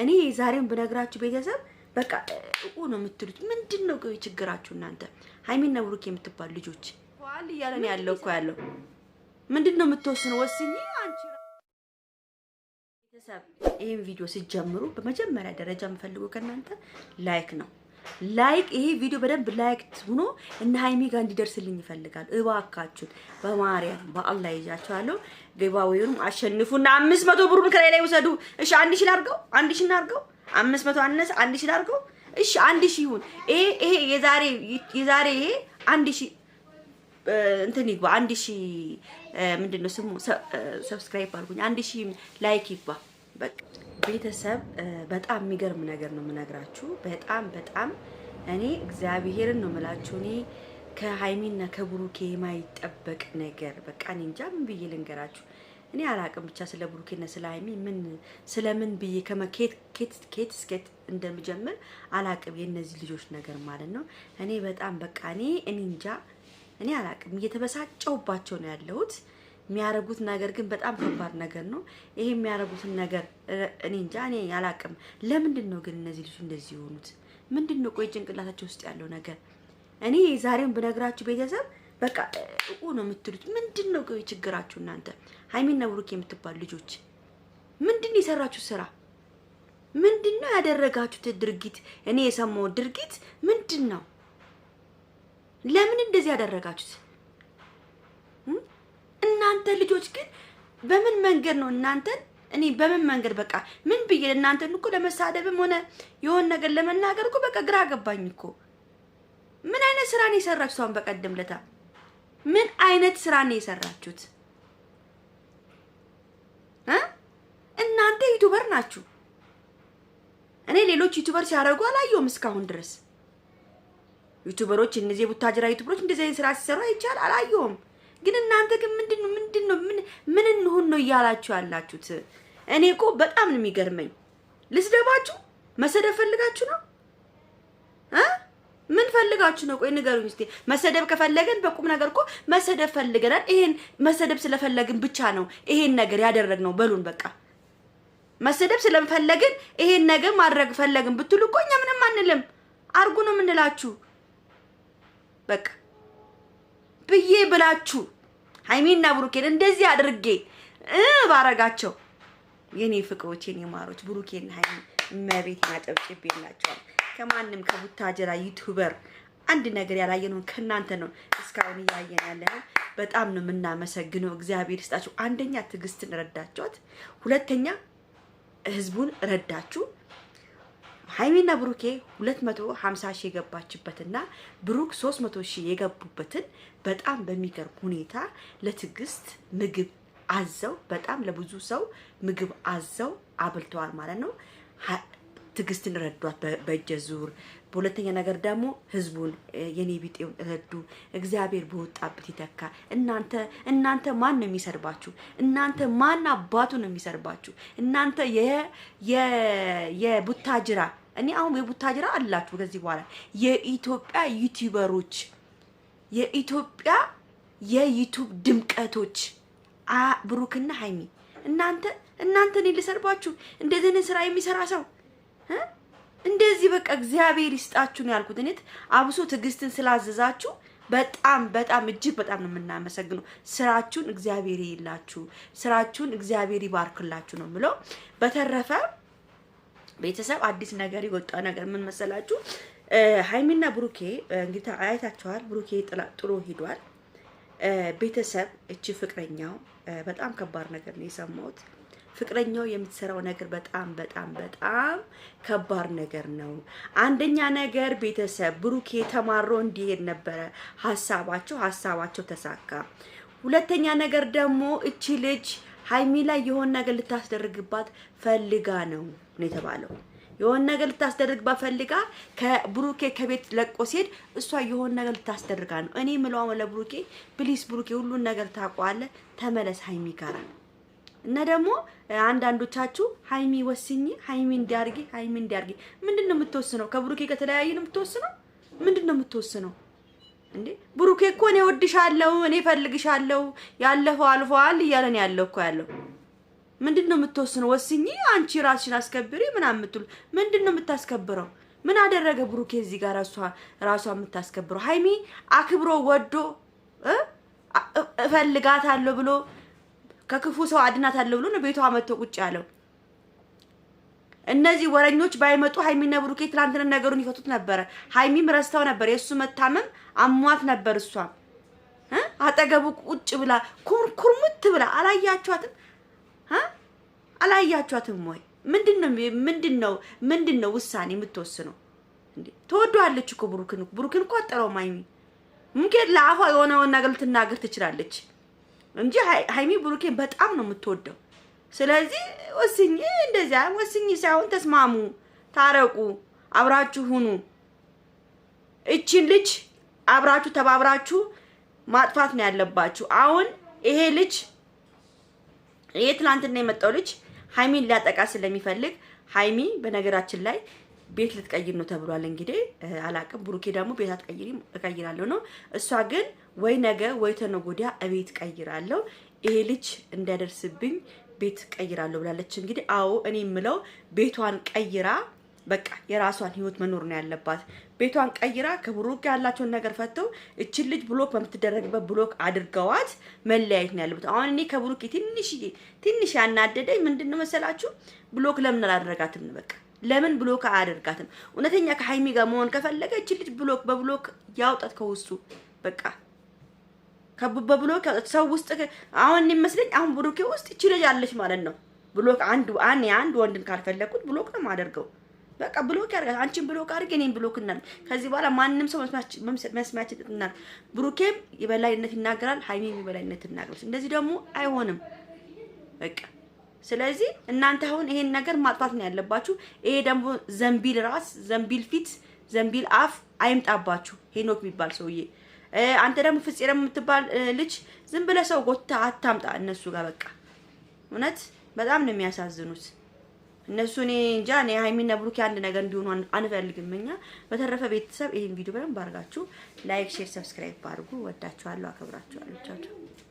እኔ የዛሬውን ብነግራችሁ ቤተሰብ በቃ እቁ ነው የምትሉት። ምንድን ነው ችግራችሁ እናንተ? ሀይሚና ብሩክ የምትባሉ ልጆች ል እያለ ነው ያለው እኮ ያለው ምንድን ነው የምትወስኑ? ወስኝ አንቺ ቤተሰብ። ይህን ቪዲዮ ሲጀምሩ በመጀመሪያ ደረጃ የምፈልገው ከእናንተ ላይክ ነው። ላይክ ይሄ ቪዲዮ በደንብ ላይክ ሆኖ እነ ሃይሚ ጋር እንዲደርስልኝ ይፈልጋል። እባካችሁን በማርያም በአላህ ይዣችኋለሁ። ግባውንም አሸንፉና አምስት መቶ ብሩን ከላይ ላይ ውሰዱ። እሺ አንድ ሺህ ላድርገው፣ አንድ ሺህ እናድርገው። አምስት መቶ አነሰ፣ አንድ ሺህ ላድርገው። እሺ አንድ ሺህ ይሁን። ይሄ ይሄ የዛሬ የዛሬ ይሄ አንድ ሺህ እንትን ይግባ። አንድ ሺህ ምንድን ነው ስሙ? ሰብስክራይብ አድርጉኝ። አንድ ሺህ ላይክ ይግባ። በቃ ቤተሰብ በጣም የሚገርም ነገር ነው የምነግራችሁ። በጣም በጣም እኔ እግዚአብሔርን ነው የምላችሁ። እኔ ከሀይሚና ከብሩኬ የማይጠበቅ ነገር በቃ እኔ እንጃ ምን ብዬ ልንገራችሁ። እኔ አላቅም ብቻ ስለ ብሩኬና ስለ ሀይሚ ምን ስለምን ብዬ ከመኬት ኬት ኬት ስኬት እንደምጀምር አላቅም። የእነዚህ ልጆች ነገር ማለት ነው። እኔ በጣም በቃ እኔ እኔ እንጃ እኔ አላቅም። እየተበሳጨውባቸው ነው ያለሁት የሚያደርጉት ነገር ግን በጣም ከባድ ነገር ነው። ይሄ የሚያደርጉትን ነገር እኔ እንጃ፣ እኔ አላቅም። ለምንድን ነው ግን እነዚህ ልጆች እንደዚህ የሆኑት? ምንድን ነው ቆይ ጭንቅላታቸው ውስጥ ያለው ነገር? እኔ ዛሬውን ብነግራችሁ ቤተሰብ በቃ እቁ ነው የምትሉት። ምንድን ነው ቆይ ችግራችሁ እናንተ? ሀይሚና ብሩክ የምትባሉ ልጆች ምንድን ነው የሰራችሁ ስራ? ምንድን ነው ያደረጋችሁት ድርጊት? እኔ የሰማሁት ድርጊት ምንድን ነው? ለምን እንደዚህ ያደረጋችሁት? እናንተ ልጆች ግን በምን መንገድ ነው እናንተን እኔ በምን መንገድ በቃ ምን ብዬ እናንተን እኮ ለመሳደብም ሆነ የሆን ነገር ለመናገር እኮ በቃ ግራ ገባኝ እኮ። ምን አይነት ስራ ነው የሰራችሁ? እሷን በቀደም ለታ ምን አይነት ስራ ነው የሰራችሁት? እናንተ ዩቱበር ናችሁ። እኔ ሌሎች ዩቱበር ሲያደርጉ አላየሁም እስካሁን ድረስ ዩቱበሮች እነዚህ የቡታጅራ ዩቱበሮች እንደዚህ አይነት ስራ ሲሰሩ አይቻል አላየሁም። ግን እናንተ ግን ምንድን ነው ምን ምን እንሆን ነው እያላችሁ ያላችሁት? እኔ እኮ በጣም ነው የሚገርመኝ። ልስደባችሁ መሰደብ ፈልጋችሁ ነው እ ምን ፈልጋችሁ ነው? ቆይ ንገሩኝ እስቲ። መሰደብ ከፈለገን በቁም ነገር እኮ መሰደብ ፈልገናል። ይሄን መሰደብ ስለፈለግን ብቻ ነው ይሄን ነገር ያደረግነው። በሉን በቃ መሰደብ ስለፈለግን ይሄን ነገር ማድረግ ፈለግን ብትሉ እኮ እኛ ምንም አንልም። አርጉ ነው የምንላችሁ በቃ ብዬ ብላችሁ ሀይሜና ብሩኬን እንደዚህ አድርጌ ባረጋቸው የኔ ፍቅሮች የኔ ማሮች ብሩኬን ሀይሚ መቤት ማጨብጭብ ከማንም ከቡታጀራ ዩቱበር አንድ ነገር ያላየነውን ከእናንተ ነው እስካሁን እያየን ያለን። በጣም ነው የምናመሰግነው። እግዚአብሔር ይስጣችሁ። አንደኛ ትዕግስትን ረዳችኋት፣ ሁለተኛ ህዝቡን ረዳችሁ። ሀይሚና ብሩኬ 250 ሺህ የገባችበትና ብሩክ 300 ሺህ የገቡበትን በጣም በሚገርም ሁኔታ ለትዕግስት ምግብ አዘው በጣም ለብዙ ሰው ምግብ አዘው አብልተዋል ማለት ነው። ትዕግስትን ረዷት በእጀ ዙር። በሁለተኛ ነገር ደግሞ ህዝቡን የኔ ቢጤውን ረዱ። እግዚአብሔር በወጣበት ይተካ። እናንተ እናንተ ማን ነው የሚሰርባችሁ? እናንተ ማን አባቱ ነው የሚሰርባችሁ? እናንተ የቡታጅራ እኔ አሁን የቡታጅራ አላችሁ ከዚህ በኋላ የኢትዮጵያ ዩቲዩበሮች የኢትዮጵያ የዩቱብ ድምቀቶች ብሩክና ሀይሚ እናንተ እናንተ እኔ ልሰርባችሁ እንደዚህ ስራ የሚሰራ ሰው እንደዚህ በቃ እግዚአብሔር ይስጣችሁ ነው ያልኩት። እኔት አብሶ ትዕግስትን ስላዘዛችሁ በጣም በጣም እጅግ በጣም ነው የምናመሰግነው። ስራችሁን እግዚአብሔር ይላችሁ፣ ስራችሁን እግዚአብሔር ይባርክላችሁ ነው የምለው በተረፈ ቤተሰብ አዲስ ነገር የወጣ ነገር ምን መሰላችሁ? ሀይሚና ብሩኬ እንግዲህ አይታቸዋል። ብሩኬ ጥሎ ሂዷል። ቤተሰብ እቺ ፍቅረኛው በጣም ከባድ ነገር ነው የሰማሁት። ፍቅረኛው የምትሰራው ነገር በጣም በጣም በጣም ከባድ ነገር ነው። አንደኛ ነገር ቤተሰብ ብሩኬ ተማሮ እንዲሄድ ነበረ ሀሳባቸው ሀሳባቸው ተሳካ። ሁለተኛ ነገር ደግሞ እቺ ልጅ ሀይሚ ላይ የሆነ ነገር ልታስደርግባት ፈልጋ ነው ነው የተባለው። የሆን ነገር ልታስደርግባት ፈልጋ ከብሩኬ ከቤት ለቆ ሲሄድ እሷ የሆን ነገር ልታስደርጋ ነው። እኔ ምለዋ ለብሩኬ ፕሊስ፣ ብሩኬ ሁሉን ነገር ታቋለ ተመለስ ሀይሚ ጋራ እና ደግሞ አንዳንዶቻችሁ ሀይሚ ወስኝ፣ ሀይሚ እንዲያርጊ፣ ሀይሚ እንዲያርጊ። ምንድን ነው የምትወስነው? ከብሩኬ ነው የምትወስነው ምንድን ነው የምትወስነው? እንዴ ብሩኬ እኮ እኔ ወድሻለሁ፣ እኔ እፈልግሻለሁ፣ ያለፈው አልፏል እያለን ያለው እኮ ያለው ምንድን ነው የምትወስነው? ወስኚ አንቺ ራስሽን አስከብሪ ምናምን የምትሉ ምንድን ነው የምታስከብረው? ምን አደረገ ብሩኬ እዚህ ጋር ራሷ የምታስከብረው? ሀይሚ አክብሮ ወዶ እፈልጋታለሁ ብሎ ከክፉ ሰው አድናታለሁ ብሎ ነው ቤቷ መጥቶ ቁጭ ያለው። እነዚህ ወረኞች ባይመጡ ሀይሚና ብሩኬ ትናንትና ነገሩን ይፈቱት ነበረ። ሀይሚም ረስተው ነበር፣ የእሱ መታመም አሟት ነበር። እሷም አጠገቡ ቁጭ ብላ ኩርሙት ብላ አላያችኋትም? አላያችኋትም ወይ? ምንድን ነው ምንድን ነው ምንድን ነው ውሳኔ የምትወስነው? ተወዷለች እኮ ብሩክን ብሩክን እኮ አጠረውም ሀይሚ ምንኬድ ለአፏ የሆነውን ነገር ልትናገር ትችላለች እንጂ ሀይሚ ብሩኬን በጣም ነው የምትወደው። ስለዚህ ወስኝ እንደዚያ ወስኝ ሳይሆን ተስማሙ፣ ታረቁ፣ አብራችሁ ሁኑ። እቺን ልጅ አብራችሁ ተባብራችሁ ማጥፋት ነው ያለባችሁ። አሁን ይሄ ልጅ ይሄ ትናንትና የመጣው ልጅ ሀይሚን ሊያጠቃ ስለሚፈልግ ሀይሚ በነገራችን ላይ ቤት ልትቀይር ነው ተብሏል። እንግዲህ አላቅም። ብሩኬ ደግሞ ቤት አትቀይሪም እቀይራለሁ ነው። እሷ ግን ወይ ነገ ወይ ተነጎዲያ እቤት ቀይራለሁ ይሄ ልጅ እንዳይደርስብኝ ቤት ቀይራለሁ ብላለች። እንግዲህ አዎ እኔ የምለው ቤቷን ቀይራ በቃ የራሷን ህይወት መኖር ነው ያለባት። ቤቷን ቀይራ ከብሩክ ያላቸውን ነገር ፈተው እችን ልጅ ብሎክ በምትደረግበት ብሎክ አድርገዋት መለያየት ነው ያለበት። አሁን እኔ ከብሩክ ትንሽ ትንሽ ያናደደኝ ምንድን ነው መሰላችሁ? ብሎክ ለምን አላደረጋትም? በቃ ለምን ብሎክ አያደርጋትም? እውነተኛ ከሀይሚ ጋር መሆን ከፈለገ እችን ልጅ ብሎክ በብሎክ ያውጣት ከውስጡ በቃ ከብሎክ ሰው ውስጥ አሁን ይመስለኝ አሁን ብሎኬ ውስጥ ይቺ ልጅ አለች ማለት ነው። ብሎክ አንድ አን አንድ ወንድን ካልፈለኩት ብሎክ ነው የማደርገው። በቃ ብሎክ ያርጋ አንቺን ብሎክ አድርግ፣ እኔም ብሎክ እናል። ከዚህ በኋላ ማንም ሰው መስማችን ጥጥናል። ብሩኬም የበላይነት ይናገራል፣ ሀይሚም የበላይነት ይናገራል። እንደዚህ ደግሞ አይሆንም በቃ ስለዚህ እናንተ አሁን ይሄን ነገር ማጥፋት ነው ያለባችሁ። ይሄ ደግሞ ዘንቢል ራስ፣ ዘንቢል ፊት፣ ዘንቢል አፍ አይምጣባችሁ ሄኖክ የሚባል ሰውዬ አንተ ደግሞ ፍፄ የምትባል ልጅ ዝም ብለህ ሰው ጎታ አታምጣ እነሱ ጋር በቃ እውነት በጣም ነው የሚያሳዝኑት እነሱ። እኔ እንጃ እኔ ሀይሚና ብሩኬ አንድ ነገር እንዲሆኑ አንፈልግም እኛ። በተረፈ ቤተሰብ ይህን ቪዲዮ በደንብ አድርጋችሁ ላይክ፣ ሼር፣ ሰብስክራይብ አድርጉ። ወዳችኋለሁ፣ አከብራችኋለሁ። ቻው